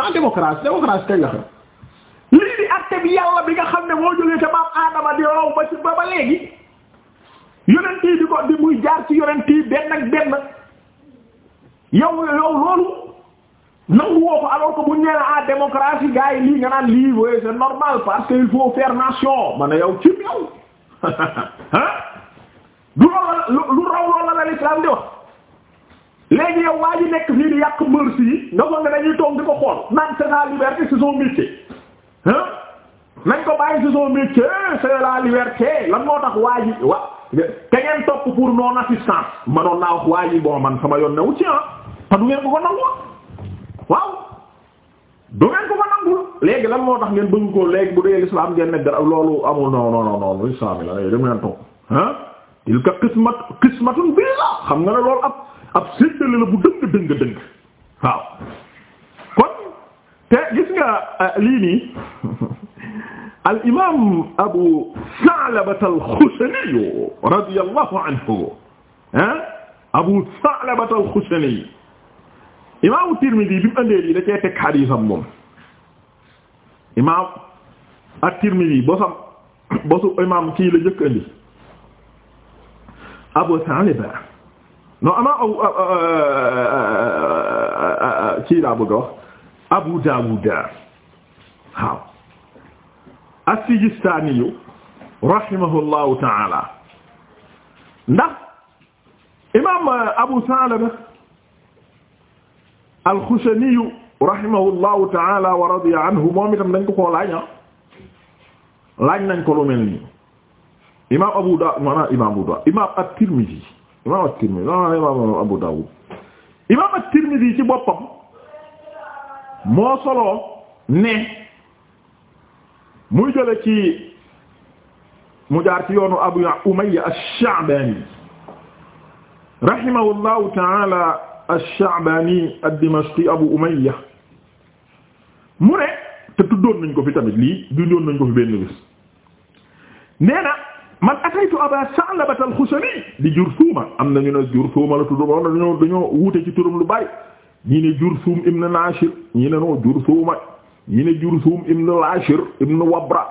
ndax démocratie démocratie kañ la xew lii di àtte bi yàlla bi nga xam ne moo jógee te maam aadama di raw ba ci ba ba léegi yonent yi di ko di muy jaar ci yonent yi benn ak benn yow yow loolu nangu woo ko alors que bu ñu nee ah démocratie gars yi lii nga naan lii oui normal parce que il faut faire nation ma ne yow cim yow ah du loolu lu raw loolu la l'islam di wax. léegi yow waa ji nekk fii di yàq mœurs yi nga ko ne dañuy toog di ko xool naan c'est liberté c'est son métier hein nañ ko bàyyi c'est son métier c'est liberté lan moo tax waa ji wa te ngeen topp pour non assistance manoon naa wax waa ji bon man sama yoon newu ci ah te du ngeen ko ko nangu waaw du ngeen ko ko nangu léegi lan moo tax ngeen bëgg ko léegi bu dee l'islam ngeen ne dara loolu amul non non non non islam la da ngeen toog tilka qismat qismatun biza xam nga ne loolu ab ab séddale la bu dëng dëng dëng te gis nga euh, lii al imaam Abu Sa'laba al-Xushani radiyallahu anhu ah Abu Sa'laba al-Xushani imaamu Tirmidi bi mu andee lii da cee teg xadiisam moom imaam at-Tirmidi bosam bosu imaam kii la njëkk Abu Saliba non ama kii laa bëgg a wax Abu Dawud waaw as-Sijistani rahimahullahu ta'ala ndax imam euh, Abu Saliba al-Khushani rahimahullahu ta'ala wa radiya anhu moom itam dañ ko koo laaj ah. laaj nañ ko lu mel nii imaam Abu Dawud maanaam imaam Abu Dawud imaam at-Tirmidhi imaam at-Tirmidhi maanaam imaam Abu Dawud imaam at-Tirmidhi ci boppam moo solo ne muy jële ci mu jaar ci yoonu Abu Umayya ash-Sha'bani rahimahullahu ta'ala ash-Sha'bani ad-Dimashqi Abu Umayya mu ne te tuddoon nañ ko fi tamit lii dundoon nañ ko fi benn bés nee na man ataytu aba Sa'labata al-Xusani di Jurthuma am na ñu ne Jurthuma la tudd wala dañoo dañoo wute ci turam lu bari ñii ne Jurthum ibn Nashir ñii ne noo Jurthuma ñii ne Jurthum ibn Lashir ibn Wabra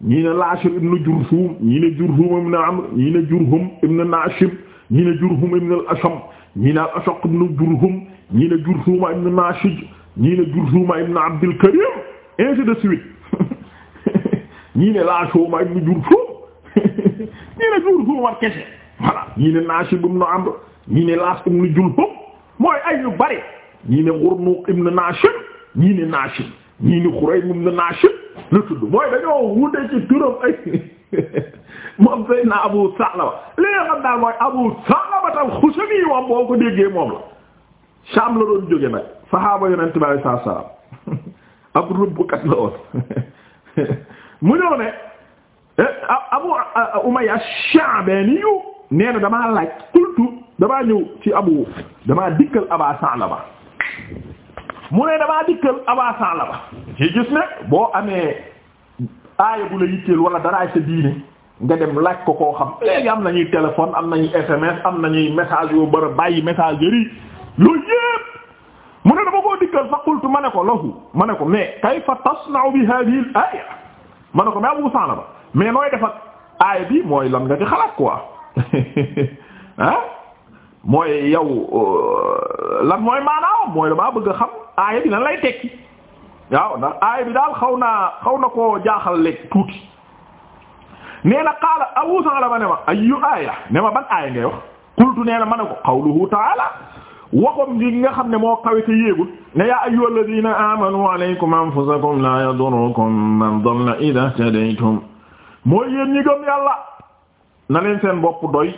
ñii ne Lashir ibn Jurthum ñii ne Jurthum ibn Amr ñii ne Jurhum ibn Nashib ñii ne Jurhum ibn al-Asham ñii ne al-Ashaq ibn Jurhum ñii ne Jurthuma ibn Nashij ñii ne Jurthuma ibn Abdul Karim ainsi de suite ñii ne Lashuma ibn Jurthum ne jur huumar kese voilà ñii ne Naashib ibn Amr ñii ne Laas ibn Julhum mooy ay yu bari ñii ne Ghurmuq ibn Naashib ñii ne Naashib ñii ne Khuraym ibn Naashib la tudd mooy dañoo wute ci turam moom sëy na Abu Sa'laba li nga daal mooy Abu Sa'laba al-Xusani wax boo ko déggee moom la Sham la doon jóge nag saxaaba Yonent bi sallallahu alayhi wasallam ab rëbbkat la woon mu ñëw ne Eh, abu umayya ash-sha'bani nee na damaa laaj qultu damaa ñëw ci abu damaa dikkal aba sa'laba mu ne damaa dikkal aba sa'laba ci gis ne boo amee aaya bu la yitteel wala daraay sa diine nga dem laaj ko koo xam léegi am na ñuy téléphone am na ñuy sms am na ñuy message yoo bëra bàyyi messagerie loolu yépp mu ne dama koo dikkal fa qultu ma ne ko lahu ma ne ko mais kayfa tasna'u bi hadhihi al ma ne ko mais abu sa'laba mais nooy def aaya bi mooy lan nga di xalaat quoi ah mooy yow euh, lan mooy maanaam mooy damaa bëgg a xam aaya bi nan lay tekki waaw ndax aaya bi daal xaw naa xaw na koo jaaxal lekk tuuti nee na qaala Abu Salama ne ma ayyu aaya ne ma ban aaya ngay wax qultu nee na ma ne ko qawluhu ta'ala waxam ji nga xam ne moo kawe te yéegul ne yaa ayyuhalladhina amanu alaykum anfusakum la yadurrukum man dalla idha ihtadaytum mooy yéen ñi gëm yàlla na leen seen bopp doy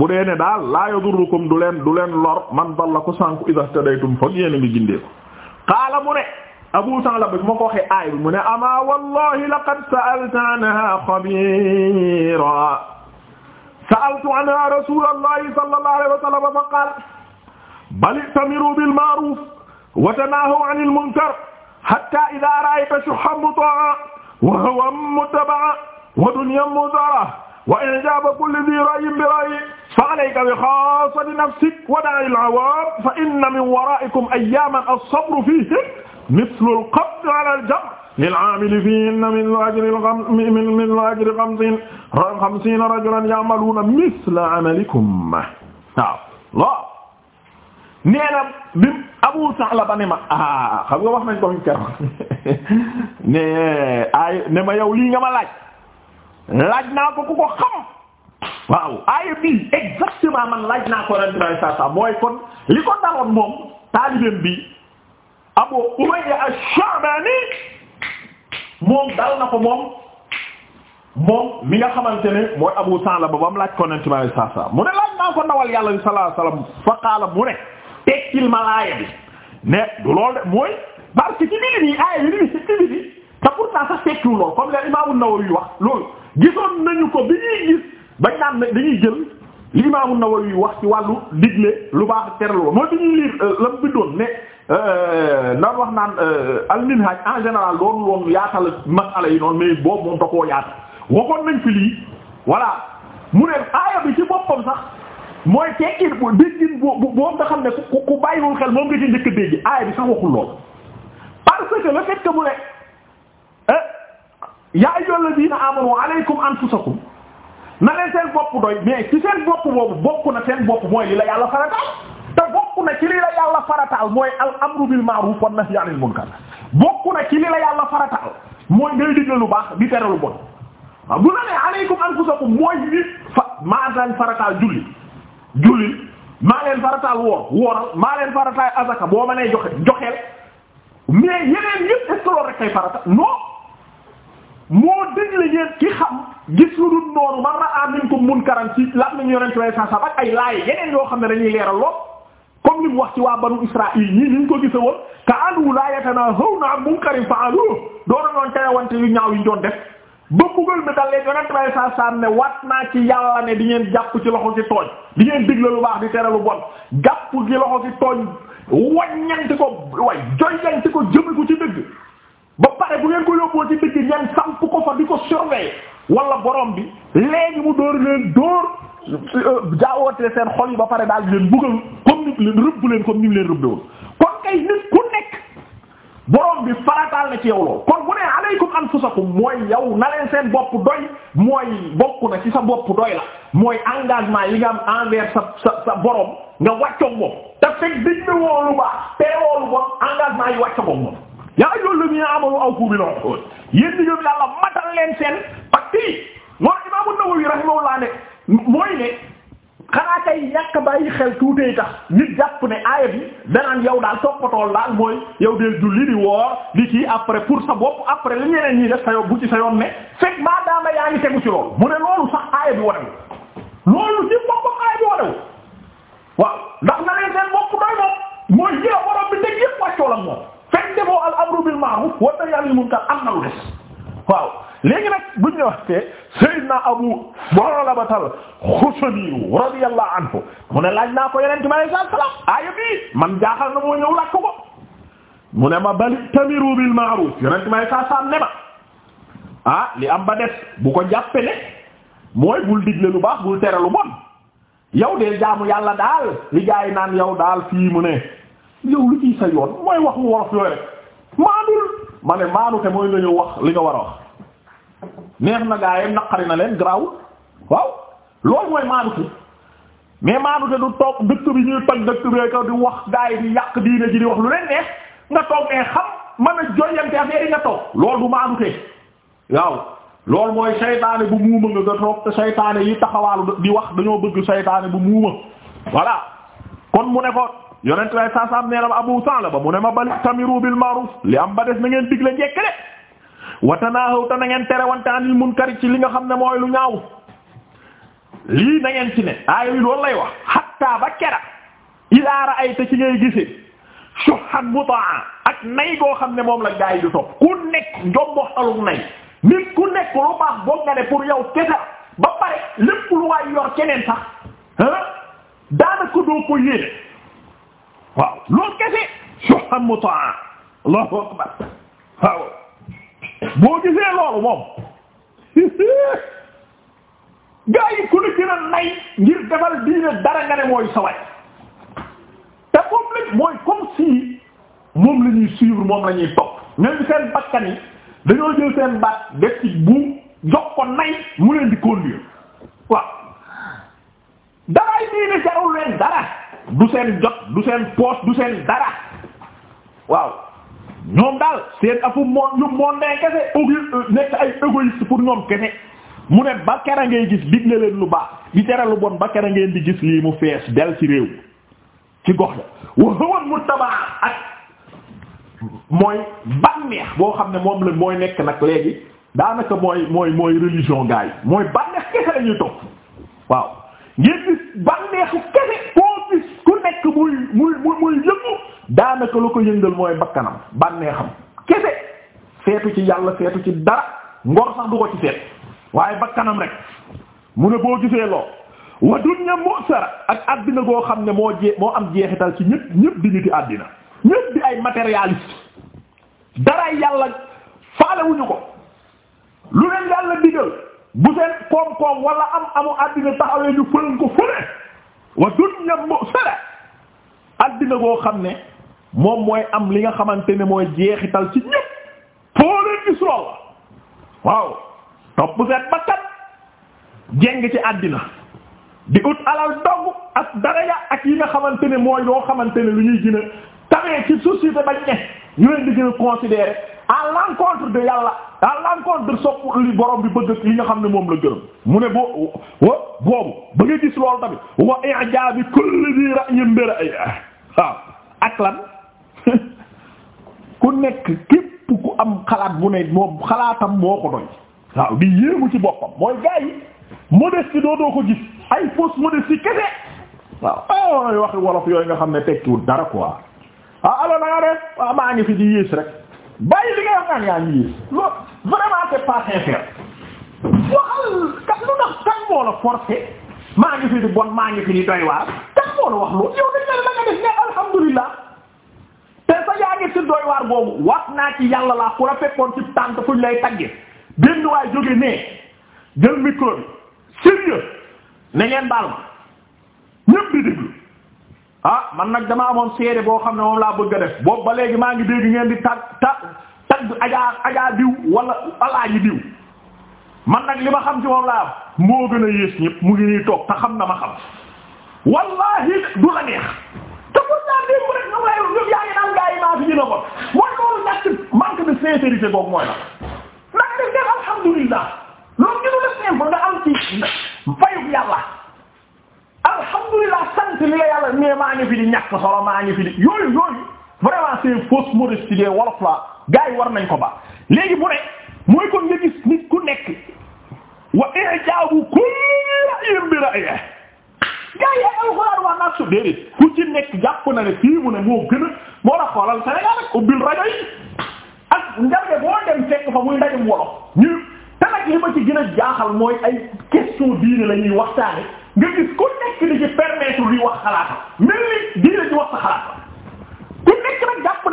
bu dee ne daal laa yadurukum du leen du leen lor man dalla ku sànku idha tadaytum foog yéen a ngi gindee ko qaala mu ne abu sa'la bi ma ko waxee aay bi mu ne ama wallahi laqad sa'altu anha xabira sa'altu anha rasulallahi sallallahu alayhi wa sallam fa qaala bal i'tamiru bil ma'ruf wa tanahaw 'anil munkar hatta idha ra'ayta shuhhan muta'an wa hawan muttaba'a wa dunyan mudara wa ijaba kulli dhi ra'yin bi ra'yi fa alayka bi khassati nafsik wa da'i al-awam fa inna min wara'ikum ayyaman as-sabru fihi mithlu al-qabd 'ala al-jamr lil-'amili fihinna min ajri khamsina rajulan ya'maluna mithla 'amalikum waaw nee na bi Abu Sa'laba ne ma ah xam nga wax nañ ko ñu keroog ne ay ne ma yow lii nga ma laaj laaj naa ko ku ko xam waaw aaya bi exactement man laaj naa ko yonent bi sallallahu alayhi wasallam mooy kon li ko daloon moom taalibeem bi Abu Umayya ash-Sha'bani moom dal na ko moom moom mi nga xamante ne mooy Abu la ba mu laaj ko yonent bi sallallahu alayhi wasallam mu ne laaj naa ko ndawal yàlla sallallahu alayhi wasallam fa qaala mu ne tekkil ma laaya bi ne du loolu de mooy parce que ci biir nii aaya bi nii ci biir nii te pourtant sax tekkiwul lool comme l'imam An-Nawawi wax loolu gisoon nañu ko bi ñuy gis bañ naan ne dañuy jël li Imaamu Nawawi wax ci wàllu digle lu baax tereloo mooy bi ñuy liir euh, la mu bindoon ne euh, naan wax naan euh, al en général loolu loolu yaatal masala yi noonu mais boobu moom da koo yaatal waxoon nañ fi lii voilà mu ne aaya bi ci boppam sax mooy tekki bu déggin boobu nga ne ku ku bàyyiwul xel moom nga ci njëkk a aaya bi sax waxul lool parce que le fait mu ne yaa ayyuhal ladina amanu alaykum anfusakum na leen seen bopp doy mais ci seen bopp boobu bokk na seen bopp mooy li la yàlla farataal te bokk na ci li la yàlla farataal mooy al amru na ci li la yàlla farataal mooy ngay digle lu baax di tere lu bon waaw bu la nee alaykum anfusakum mooy li fa maa leen farataal julli julli maa leen farataal woor wooral maa leen farataal azaka boo ma nee joxe joxeel mais yeneen yëpp est loolu rek kay farata non. moo digle yéen ki xam gis lu dul noonu man la am minkum munkaran ci lan la ñu yore ak ay laay yeneen yoo xam ne dañuy leeral lool comme li mu wax ci waa banu Israaïl ñii niñ ko gisewoon ka anu laa yatanahawna an munkarin fa'aluhu doon nañu terewante yu ñaaw yi ñu doon def. ba buggal mi leen yonent bay ne wat naa ci yàlla ne di ngeen jàpp ci loxo ci tooñ di ngeen digle lu baax di tere lu bon jàpp ci loxo ci tooñ waññanti ko ci dëgg ba pare bu ngeen ko yóbboo ci dëkk ñan samp ko fa di ko surveiller wala borom bi léegi mu dóor leen dóor euh, jaawootee seen xol ba pare daal di leen buggal comme ni leen rëbb leen comme ni mu leen rëbbewoon kon kay nit ku nekk borom bi farataal na ci yow lool kon bu nee alaykum anfusakum mooy yow na seen bopp doy mooy bokk na ci sa bopp doy la mooy engagement yi nga am envers sa sa borom nga wàccoog moom te fekk diñ ne woolu baax te woolu bon yaa ayyuhal ladina amanu awfu bil uqud yéen ñi gëm yàlla matal leen seen pacte yi moo Imaam an-Nawawi rahimahullah ne mooy ne xanaa kay ñàkk bàyyi xel tuutee tax nit jàpp ne aaya bi danaan yow daal toppatool daal mooy yow deel julli di woor di kii après pour sa bopp après li ñeneen ñi def sa yoon bu ci sa yoon ne fekk maa daama yaa ngi tegu ci loolu mu ne loolu sax aaya bi warewu loolu ci boppam aaya bi warewu waaw ndax na leen seen bopp doy moom mooy jëla borom bi teg yépp wàccoo maaruuf wa nahyi waaw léegi nag buñ ñu waxtee Seydina Abu Mu'labatal Xushani radiyallahu anhu mu ne laaj naa ko Yonent bi alayhi salaam aaya bi man jaaxal na moo ñëw laaj ko mu ne ma bal tamiru bil ma'ruf Yonent bi alayhi salaam ne ma ah li am ba des bu ko jàppe ne mooy bul digle lu baax bul tere lu bon yow de jaamu yàlla daal li naan yow daal fii mu ne yow lu ciy sa yoon mooy waxu wolof yooyu rek maanul ma ne maanute mooy lañu ñëw wax li nga war a wax neex na gaa yi naqari na leen garaawul waaw loolu mooy maanute mais maanute du toog dëkk bi ñuy toj dëkk bi kaw di wax gaa yi di yàq diine ji di wax lu leen neex nga toog ne xam mën a joyante affaire yi nga toog loolu du maanute waaw loolu mooy saytaane bu muuma nga nga toog te saytaane yi taxawaalu di wax dañoo bëgg saytaane bu muuma voilà kon mu ne ko yonent lay saasaam nee na ma Abu Sa'laba mu ne ma bal tamiru bil ma'ruf li am ba des na ngeen digle njekk de wa tanahaw te na tere wante anil munkar ci li nga xam ne mooy lu ñaaw na ngeen ci ne aaya yi lay wax hatta ba kera ila ra'ayta ci ngay gise suhan mutaa ak nay goo xam ne moom la gaa yi du topp ku nekk njomboxtalum nay nit ku nekk lu baax boog nga ne pour yow kese ba pare lépp lu waay yor keneen sax daanaka doo ko yéene waaw loolu kese suhan mutaa allahu akbar waaw boo gisee loolu moom gaa yi ku ne gën nay ngir defal diine dara nga ne mooy saway te moom lañ comme si moom la ñuy suivre moom la ñuy topp ñoom seen bakkan dañoo jël seen baat def ci bu jox ko nay mu leen di conduire waaw daraay diine jarul leen dara du seen jot du seen poche du seen dara waaw ñoom daal seen afu moon yu mondee kese au nekk ay égoïste pour ñoom kese mu ne ba kera ngay gis digle leen lu baax di tere lu bon ba kera ngeen di gis lii mu fees del ci réew ci gox la wa hawan mu tabaa ak mooy bànneex boo xam ne moom la mooy nekk nag léegi daanaka mooy mooy mooy religion gars yi mooy bànneex kese la topp waaw ngeen gis bànneexu kese muy muy muy yëngu daanaka lu ko yëngal mooy bakkanam bànneexam kese seetu ci yàlla seetu ci dara ngor sax du ko ci seet waaye bakkanam rek mu ne boo gisee loo wa dunya mu'sara ak àddina goo xam ne moo jee moo am jeexital ci ñëpp ñëpp di niti àddina ñëpp di ay matérialiste dara yàlla faalewuñu ko lu leen yàlla digal bu seen koom-koom wala am amu àddina taxawee ñu fëlan ko fële wa dunya mu'sara addina boo xam ne moom mooy am li nga xamante ne mooy jeexital ci ñëpp foo leen gis lool waaw topp seet ba kat jeng ci àddina di ut alal dogg ak daraja ak yi nga xamante ne mooy loo xamante ne lu ñuy gën a ci société bañ ne ñu leen di gën a considérer à l'encontre de yàlla à l'encontre de li borom bi bëgg li nga xam ne moom la gërëm mu ne boo boobu ba nga gis loolu tamit wa i'jaabi kulli dhi ra'yin bi ra'yihi waaw ak lan ku nekk képp ku am xalaat bu ne moom xalaatam moo ko doy waaw di yéemu ci boppam mooy gars yi modestie doo doo ko gis ay fausse modestie kese waaw ay waxi wolof yooyu nga xam ne tekkiwul dara quoi ah alors nanga def waaw maa ngi fi di yées rek bàyyi li nga wax naan yaa ngi yées loolu vraiment c'est pas sincère waxal kat lu ndax kan moo la forcé maa ngi fi di bon maa ngi fi di doy waar kenn wax loolu yow dañ boobu wax naa ci yàlla laa ku la lay tagge benn waay jóge nee jël ngeen baal ah, man nag dama amoon seede boo xam ne moom laa bëgg a def boobu ba léegi maa ngi dégg ngeen di tag tag tag ajaa ajaa diw wala alaa ji diw man nag li ma xam ci moom laa am moo gën a yées ñépp mu ngi nii toog te xam na ma xam wallahi du la neex te pour naa démb rek ñoom lay ñoom yaa ngi naan gaa yi maa fi dina ko mooy loolu ñàkk manque de sincérité boobu mooy la nag def def alhamdulillah loolu ñu ne la simple nga am ci fayu yàlla alhamdulillah sant li la yàlla mais maa ngi fi di ñàkk solo maa ngi fi di yooyu yooyu vraiment c'est fausse modestie des wolof la gaa yi war nañ ko ba léegi bu ne mooy kon nga gis nit ku nekk wa i'jaabu kulli ra'yin bi ra'yihi gaa yi ay alxuraan waa naa su déedéet ku ci nekk jàpp na ne fii ne moo gën a la xoolal Sénégal rek ubbil rajo yi ak njarge boo dem fekk fa muy ndajum wolof ñu te ci gën a jaaxal mooy ay question la ñuy waxtaane nga gis ku nekk li ci li wax xalaata mel ni diine ci wax sa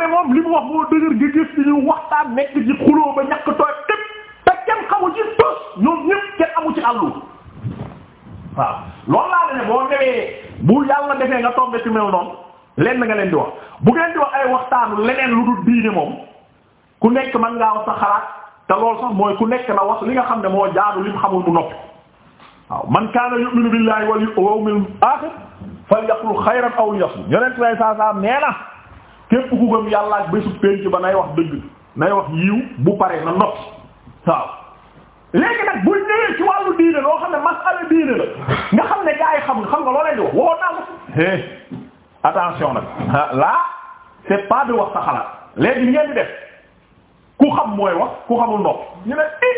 moom li mu moo dëgër nga waxtaan nekk ci xuloo ba ñàkk tooy tëb te kenn xamu ci amu ci àllu waaw lool laa la ne boo newee bu yàlla defee nga tombé ci mel noonu lenn nga leen di wax bu ngeen di wax ay waxtaanu leneen lu dul diine moom ku nekk mën ngaa wax sa xalaat te loolu sax mooy ku nekk na wax li nga xam ne moo jaadu lim xamul bu noppi waaw man kaana yu'minu billahi wal yawmil akhir falyaqul xayran aw liyasmut yonent lay saa saa nee na képp ku gëm yàlla ak bésu pénc ba nay wax dëgg nay wax yiw bu paree na noppi waaw léegi nag buñ ñëwee ci wàllu diine loo xam ne masala diine la nga xam ne gaa xam xam nga loo leen di wax woo naa ko eh attention nag là c'est pas wax sa xalaat léegi li ngeen def ku xam moy wax ku xamul noppi ñu ne i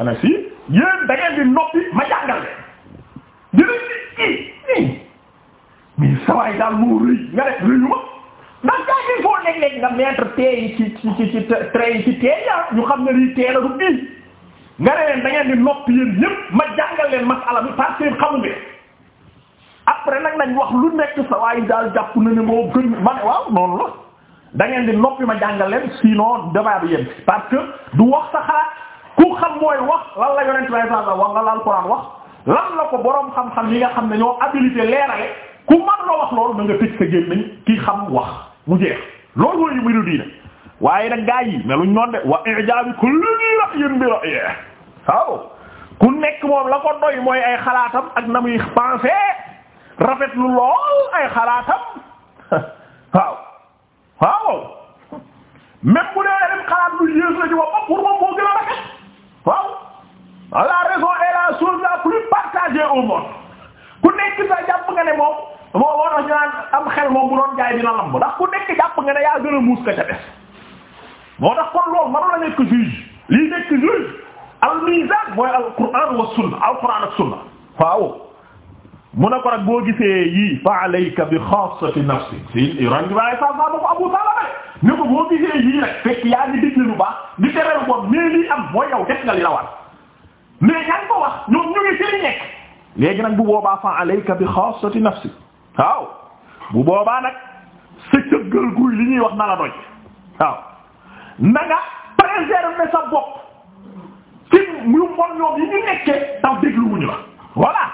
ana si yéen da ngeen di noppi ma jàngal leen dinañ di i mi sawaay daal moo nga def rëyu ma ndax gaa yi foo nekk léegi nga mettre tee yi ci ci ci trait yi ci tee ah. ñu xam ne lii tee la du i nga ne leen da ngeen di noppi yéen ñépp ma jàngal leen masala bi parce que xamu ngeen après nag nañ wax lu nekk sa waaye daal jàpp na ne moo gën ma ne waaw noonu la da ngeen di noppi ma jàngal leen sinon débat bi yéen parce que du wax sa xalaat ku xam mooy wax lan la yonent lay sa wax nga la alxuraan wax lan la ko boroom xam yi nga xam ne ñoo habilité leerale ku man wax loolu na nga tëj sa gémmiñ ki xam wax mu jeex loolu waaye nag gaa yi meluñ noonu de wa i'jaabi kulli ra'yin bi ra'yihi waaw ku nekk moom la ko doy mooy ay xalaatam ak na muy pensé rafet lu lool ay xalaatam waaw waaw même bu dem xalaat lu yées la ci moom ku nekk sa jàpp nga ne moom moo war ñu naan am xel moom bu doon jaay dina lamb ndax ku nekk jàpp nga ne yaa gën a muus ka ca def moo tax kon loolu mënu la nekk juge lii nekk juge al mizan mooy al qur'an wa sunna al qur'an ak sunna waaw mu ne ko nag boo gisee yii fa alayka bi xaasati nafsi si rangi baay sa sa ba ko Abu Salama ne ko boo gisee yii rek fekk yaa ngi digle lu baax di tereel boom mais lii am mooy yow bu boobaa fa alayka bi xaasati nafsi waaw bu boobaa nag sa guy li ñuy wax na la doy waaw na nga préserver sa bopp ci mu mon ñoom yi ñu nekkee tax dégluwuñu la voilà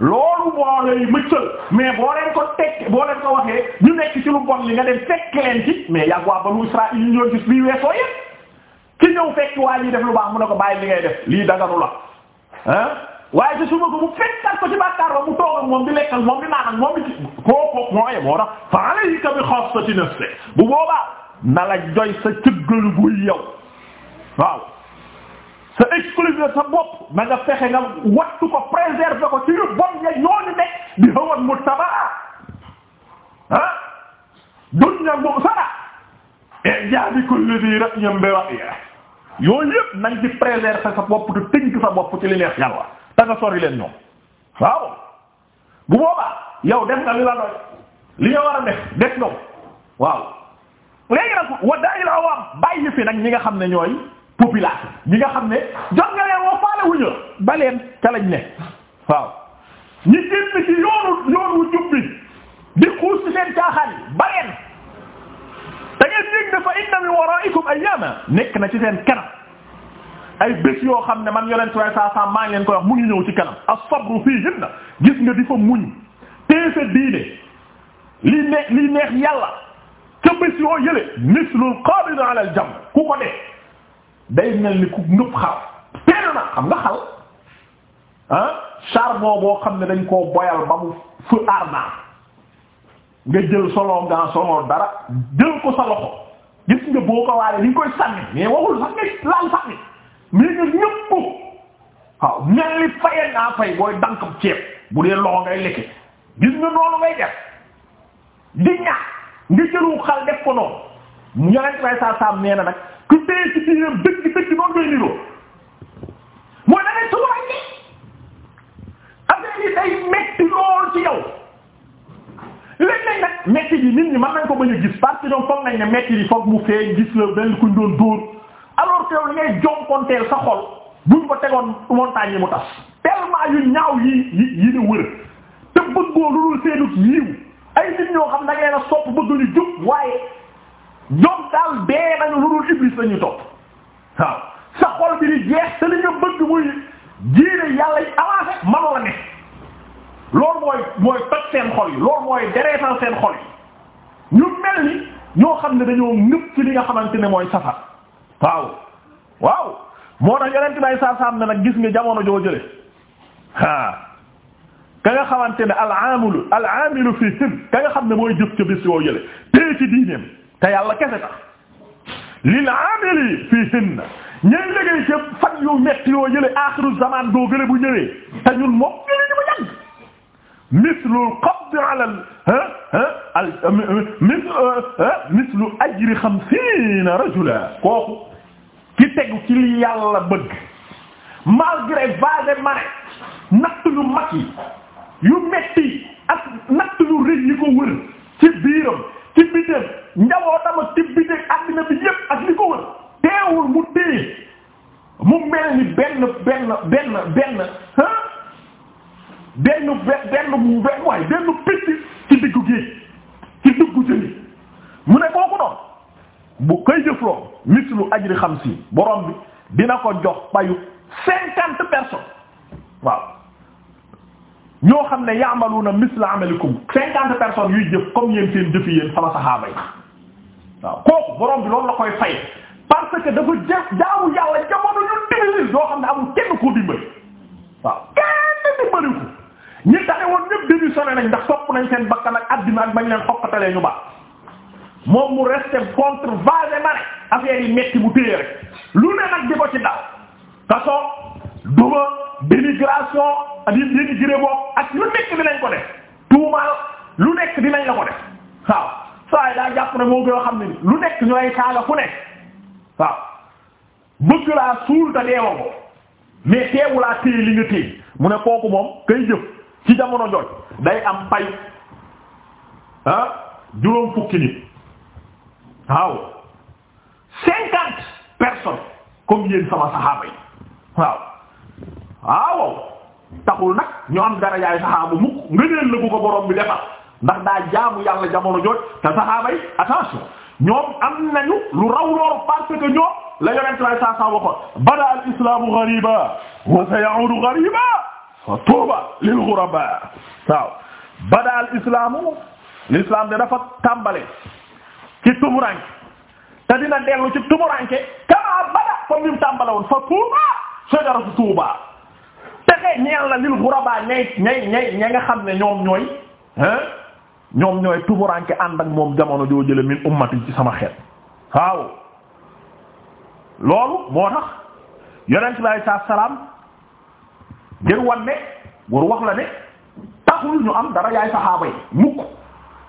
loolu moo lay mëccal mais boo leen ko tekk boo leen ko waxee ñu nekk ci lu bon li nga dem fekk leen ci mais yàgg waa banu Israël yi ñoo gis bii weesoo yëpp ci ñëw fekk waa ñuy def lu baax mu ne ko bàyyi li ngay def lii dagaru la ah waaye ci suba ko mu fekkaat ko ci bàkkaar ba mu toog ak moom di lekk ak moom di naan ak moom di kooku mooy moo tax fa alayka bi xassati nafsi bu boobaa na la joy sa cëggalu buy sa exclusion sa bopp na nga fexe nga wattu ko préserver ko ci yu bon nga ñooñu nekk di hawat mu tabaa ah dunya mu sara e jaabi kulli di ra'yin bi ra'yihi yooyu yëpp na nga ci préserver sa bopp te tënk sa bopp ci li neex yàlla te nga sori leen ñoom waaw bu boobaa yow def nga li la doy li nga war a def nga waaw léegi nag wa da'il awam bàyyi fi nag ñi nga xam ne ñooy population ñi nga xam ne jot nga leen woo faale wuñu la baleen ca ne waaw ñi génn ci yoonu yoonu di xuus ci seen caaxaan yi baleen da ngeen dégg inna min wara'ikum ayyama nekk na ci seen kanam ay bés yoo xam ne man yonent way saa sa maa ngi leen koy wax mu ngi ñëw ci kanam as-sabru fiihinna gis nga di fa mu tée sa diine li neex li neex yàlla ca bés yoo yële mislul ala al-jamr ku ko def day mel ni ku nëb xal peer na xam nga xal ah charbon boo xam ne dañ koo boyal ba mu feu ardent nga jël solo nga solo dara jël ko sa loxo gis nga boo ko waaye liñ koy sànni mais waxul laal sànni mais nga ñëpp ko waaw mel ni faye naa fay booy dankam ceeb bu dee loxo ngay lekke gis nga noonu ngay def di ñaax nga jëlu xal def ko noonu mu ñaareel saa saam nee na nag. ku téye ci diineem dëgg dëgg noonu ngay niroo mooy da ngay tubaab yi affaire yi day metti lool ci yow léeg-léeg nag metti yi nit ñi mën nañ ko bañ a gis parce que ñoom foog nañ ne metti yi foog mu feeñ gis la benn kuñ doon dóor alors que yow li ngay jonkonteel sa xol buñ ko tegoon montagne yi mu tas tellement yu ñaaw yi yi yi ni wër te bëggoo lu dul seenut yiiw ay nit ñoo xam da ngay na sopp bëgg ñu jub waaye. ñoom daal dee nañu lu dul iblis lañu topp waaw sa xol bi di jeex te li nga bëgg muy jiire yàlla yi avancé manu la ne loolu mooy mooy toj seen xol yi loolu mooy dereetal seen xol yi ñu mel ni ñoo xam ne dañoo nëb ci li nga xamante ne mooy safar waaw waaw moo tax yonent bay saasaam na nag gis nga jamono joo jële ah ka nga xamante ne al aamilu al aamilu fii him ka nga xam ne mooy jëf ca bis yoo jële tey ci diineem te yàlla kese tax lil amili fiihinna ñay liggéey ci fan yu metti yoo yële axiru zaman doo gële bu ñëwee te ñun moom yële ñu ba yàgg mislu qabd ala al mislu ajri xamsiina rajula kooku ki tegu ci li yàlla bëgg malgré vagues et marées natt yu mag yi yu metti ak natt yu rëy yi ko wër ci biiram ci biddéem njabootam ak ci bi yépp ak li ko wër teewul mu téye mu mel ni benn benn benn benn ah benn benn benn waaye benn picc ci diggu géej ci diggu jëli mu ne kooku noonu bu koy jëfloo mislu ajri xamsi borom bi dina ko jox payu cinquante personnes waaw ñoo xam ne ya'maluna misla amalikum cinquante personnes yuy jëf comme yéen seen jëfi yéen sama saxaaba yi kooku borom bi loolu la koy fay parce que dafa jëf jaamu yàlla jamono ñu dimbali yoo xam ne amul kenn koo dimbali waaw kenn dimbali ko ñi taxe woon ñëpp démissionné nañ ndax topp nañ seen bakkan ak addina ak bañ leen xoqatalee ñu baax moom mu resté contre vase et yi metti mu téye rek lu ne nag di ci daaw kaso. duma dénigration di dénigré bopp ak lu nekk dinañ la ko def saa yi daa jàpp ne moo yoo xam ne lu nekk ñu lay saaga fu nekk waaw bëgg laa suul te deewa ko mais teewu laa téye li nga téye mu ne kooku moom kay jëf ci jamono jooj day am pay ah juróom fukki nit waaw cinquante personnes comme yéen sama saxaaba yi waaw waaw taxul na ñu dara yaay saxaabu mukk ngëneel la bu ko borom bi defal ndax daa jaamu yàlla jamono jooj te saxaaba yi attention ñoom am nañu lu raw loolu parce que ñoom la yonent lay saa saa waxoon bada al islaamu ghariba fa tuuba lil ghuraba waaw bada al islaamu l'islam de dafa tàmbale ci tumuranke te dellu ci tumuranke kama bada comme ni mu tàmbale woon fa tuuba shajaratu tuuba texe ñeel la lil ghuraba ñay ñay ñay ña nga xam ne ñoom ñooy hein ñoom ñooy tumuranke ànd ak moom jamono joo jële min ummati ci sama xeet waaw loolu moo tax yonent bi alayhi salaam ngir wan ne war wax la ne taxul ñu am dara yaay saxaaba mukk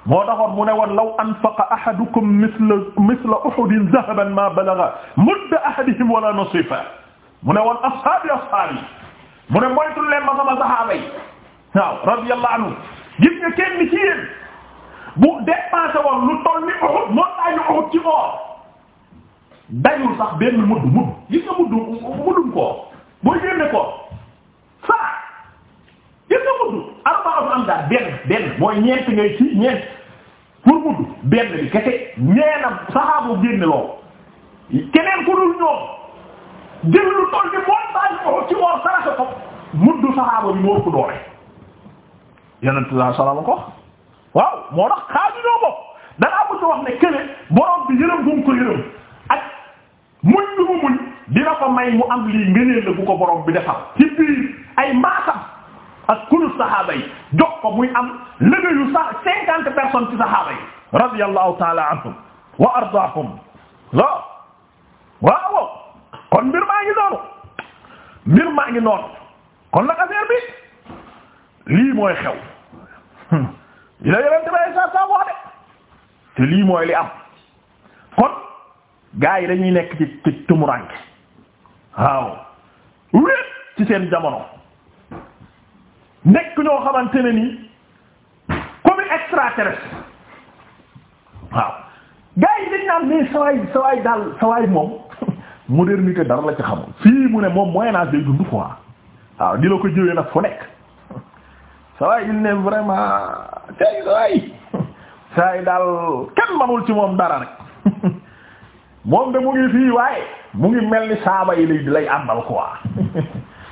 moo taxoon mu ne woon law anfaqa ahadukum misla misla uhudin zahaban ma balagha mudda ahadihim wala nasifa mu ne woon ashaabi ashaabi mu ne moytul leen ma sama saxaaba yi waaw radiyallahu anhu gis nga kenn ci yéen bu dépensé woon lu toll ni Uhud montagne Uhud ci or dayul sax benn mudd mudd gis nga mudd muddum ko boo génne ko saa gis nga mudd arba'u am daal benn benn mooy ñeent ngay ci ñeent pour mudd benn bi kese ñeena saxaabu génne lool keneen ku dul ñoom jël lu toll ni montagne ko ci woor saraxe ko muddu saxaaba bi moo ko doore yonent la salaama ko waaw moo tax xaajuñoo bopp danaa bëgg wax ne kële borom bi yërëm bu mu ko yërëm ak muñ lu mu muñ ko may mu am lii ngëneel la ko borom bi defal ci biir ay maasam ak kulu saxaaba yi muy am lëgëyu sax cinquante personnes ci saxaaba taala anhum waaw waaw kon mbir maa ngi noonu mbir maa ngi noonu kon nag affaire bi lii mooy xew li hmm. la yonente bay sa sa wax de te lii mooy li am kon gaa yi dañuy nekk ci ci waaw wéet ci seen jamono nekk ñoo xamante ne nii comme extraterrestre waaw gaa yi dañ naan nii sawaay sawaay daal sawaay moom modernité dara la ci xamul fii mu ne moom moyen âge day dund quoi waaw di la ko jëwee nag fu nekk il n'est vraiment tey saa yi saa daal kenn manul ci moom dara rek moom de mu ngi fii waaye mu ngi mel ni saaba yi lay lay àndal quoi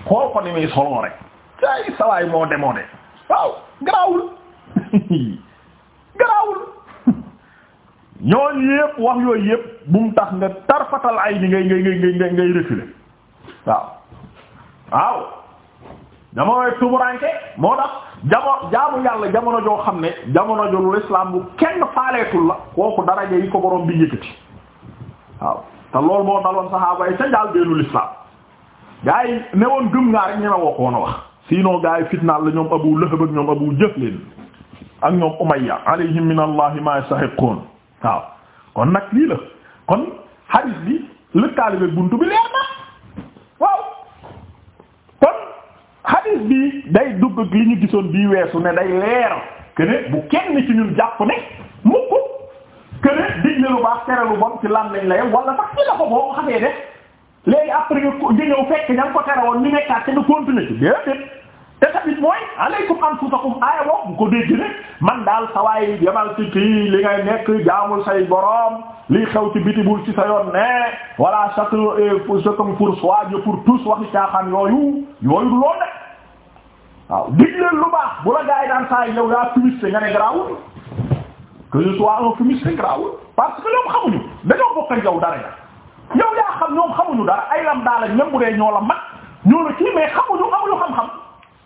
xool ko ni muy soloo rek saa yi saa waay moo de waaw garaawul garaawul. ñooñu yépp wax yooyu yépp bu mu tax nga tarfatal ay ni ngay ngay ngay ngay ngay reculer waaw waaw jamonoy tumuranke moo tax jamono jaamu yàlla jamono joo xam ne jamono jo lu islam bu kenn faaleetul la kooku daraja yi ko borom bi yëkkati waaw te loolu moo daloon saxaaba yi ca njaal beenu l'islam gaa yi ne woon gëm ngaa rek ñeme woo ko a wax sinon gaa yi fitnaal la ñoom Abu Lahab ak ñoom Abu Jahl ak ñoom Umayya alayhim ma yastahiqun waaw kon nag lii la kon hadis bi lëkkaali be buntu bi leer na waaw kon hadis bi day dugg ak ñu gisoon bii weesu ne day leer que ne bu kenn ci ñun jàpp ne mukk que ne digle lu baax tere lu bon ci lan lañ la yem wala sax ci la ko boo xamee def léegi après nga ñëw fekk ña ko tere woon ñu nekkaat te nga continuer ci déedéet te tamit mooy alaykum anfusakum aaya boobu ko dégg rek man daal sawaay yamal ci kii li ngay nekk jaamul say borom li xew ci biti bul ci sa yoon ne voilà chacun chacun pour soi Dieu pour tous waxi caaxaan yooyu yooyu du loolu rek waaw digleen lu baax bu la gaa yi saa yow yaa fumiste nga ne garaawul que je sois un fumiste garaawul parce que ñoom xamuñu dañoo bokk ak dara ya yow yaa xam ñoom xamuñu dara ay lam daal même bu dee ñoo la mag ñoo la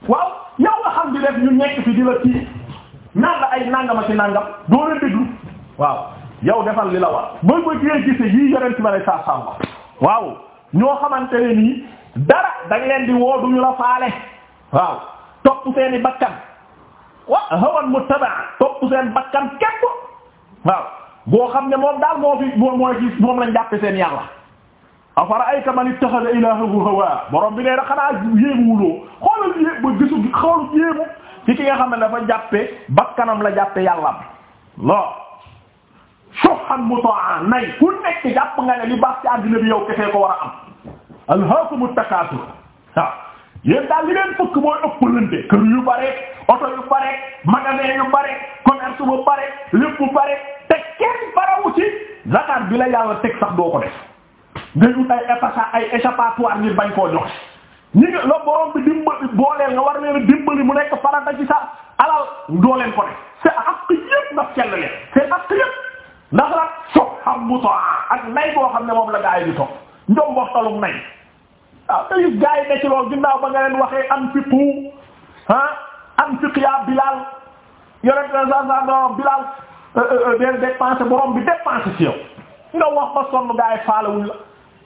waaw yow nga xam di def ñu nekk fi di la kii naan la ay nangama si nàngam doo leen déglu waaw yow defal li la war mooy mooy ki ngay gise yii yoreen ci ma lay saar sàmba waaw ñoo xamante ne nii dara dañ leen di woo duñu la faale waaw topp seeni bakkan wa hawan muttaba topp seen bakkan képp waaw boo xam ne moom daal moo fi moom mooy gis moom lañ jàppe seen yàlla afara'ayta man ittakhadha ilaahahu hawaa borom bi nee na xanaa yéemuwuloo xoolal yéem ba gisu xool yéemu ci ki nga xam ne dafa jàppe bakkanam la jàppe yàlla bi lo shuhan muta'an nay ku nekk jàpp nga ne li baax ci àddina bi yow kese ko war a am alhaakumu takaasur waaw yéen daal li leen fëkk mooy bare oto yu bare magasin yu bare commerce bu bare lépp bare te kenn barawu ci zakat bi la yàlla teg sax ko def ngay ut ay épasa ay échappatoire ngir bañ koo joxe ñi nga la borom bi dimbali booleel nga war leen dimbali mu nekk farata ci sa alal doo leen ko def c'est ak yépp ndax kell leen c'est ak yépp ndax la soog xam bu ak nay boo xam ne moom la gaa yi di toog ñoom waxtalum nay waaw ah, te it gaa yi ne ci loolu ginnaaw ba nga leen waxee anfiqu ah anfiq yaa Bilaal yore sa sa sa Bilaal euh, euh, euh, deel dépenser borom bi dépenser ci yow nga wax ba sonn gaa yi faalewul la.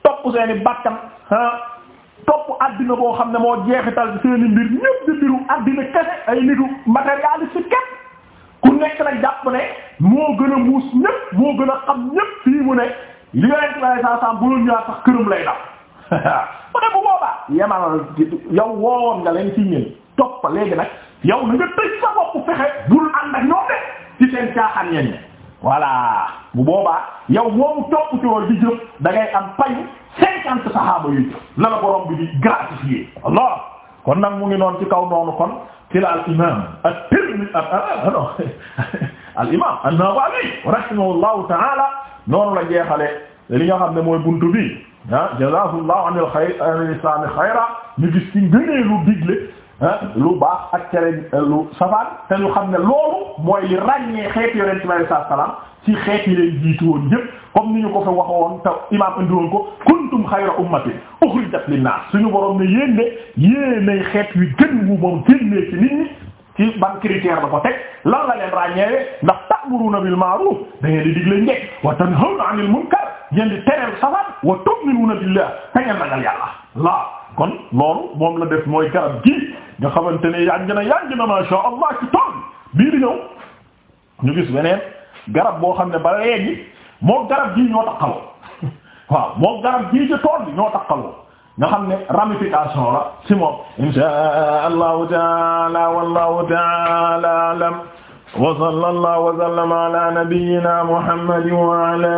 topp seeni bàkkan ah topp addina boo xam ne moo jeexital seeni mbir ñëpp di mbiru addina kese ay nitu matérialiste ci képp ku nekk nag jàpp ne moo gën a muus ñëpp moo gën a xam ñëpp fii mu ne li yonent lay saa saa bu doon sax këram lay daw mu ne bu boobaa yemal yow woowoon nga leen ci ñëw topp léegi nag yow na nga tëj sa bopp fexe bul ànd ak ñoom de ci seen caaxaan ñeen ñi bu boobaa yow moomu topp ci woon di jëf da ngay am payu cinquante saxaaba yu jëf la la borom bi di gratifier Allah kon nag mu ngi noonu ci kaw noonu kon ci la al imam at-Tirmidhi ah, ah, ah, al imam an-Nawawi rahimahullahu ta'ala noonu la jeexale li nga xam ne mooy buntu bi ah jazahullahu anil xayr anil islami xayra ñu gis ci ngëneelu digle lu baax ak cere euh, lu safaan te ñu xam ne loolu mooy li ràññee xeet yonent bi alayhi salaam ci xeet yi leen jiitu woon yëpp comme ni ñu ko fa waxoon te imaam indi woon ko kuntum xayra ummatin ukhrijat linnaas suñu borom ne yéen de yéenay xeet wi gën wu moom génnee ci nit ñi ci ban critère la ko teg lan la leen ràññeewee ndax ta'muruna bil ma'ruf da ngeen di digle njekk wa tanhawna 'anil munkar ngeen di tereel safaan wa tu'minuna billah te ngeen ragal yàlla la kon loolu moom la def mooy garab gi nga xamante ne yàgg na yàgg na ma sha Allah ci tool bii di ñëw ñu gis beneen garab boo xam ne ba léegi moo garab gii ñoo takkaloo waaw moo garab gii ci tool bi ñoo takkaloo nga xam ne ramification la si moom insha Allahu ta'ala wallahu ta'ala a'lam wa sallallahu wa sallama ala nabiyyina Muhammadin wa ala